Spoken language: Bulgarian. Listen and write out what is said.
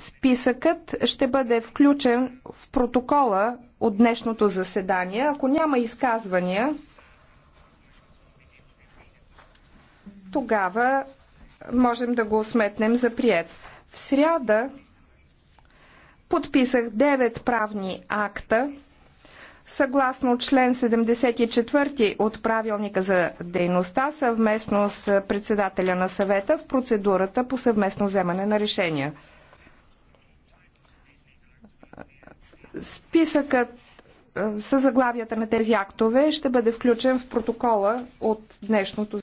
Списъкът ще бъде включен в протокола от днешното заседание. Ако няма изказвания, тогава можем да го сметнем за прият. В сряда подписах 9 правни акта, съгласно член 74 от правилника за дейността, съвместно с председателя на съвета в процедурата по съвместно вземане на решения. Списъкът със заглавията на тези актове ще бъде включен в протокола от днешното